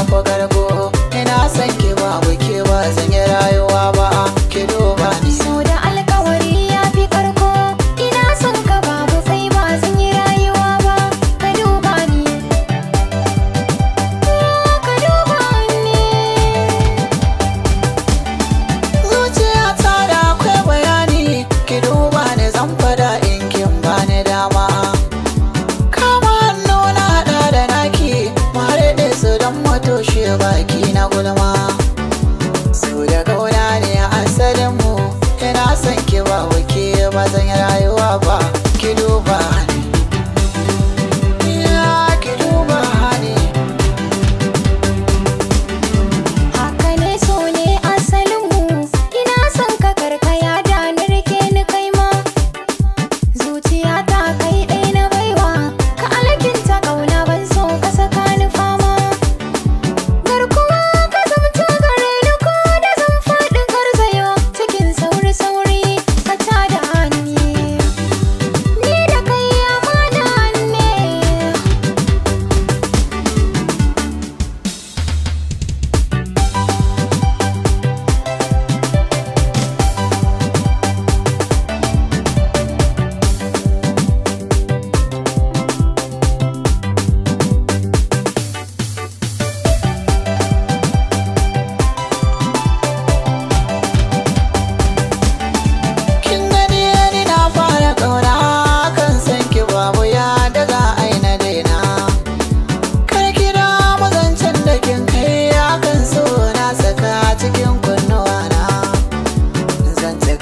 up, I gotta go. toshe baki na gulma su da kauna ne a mu ina son ki ba wake ba zan rayuwa ba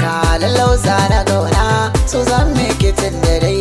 na lalau na gauna su zan mai kitin da dai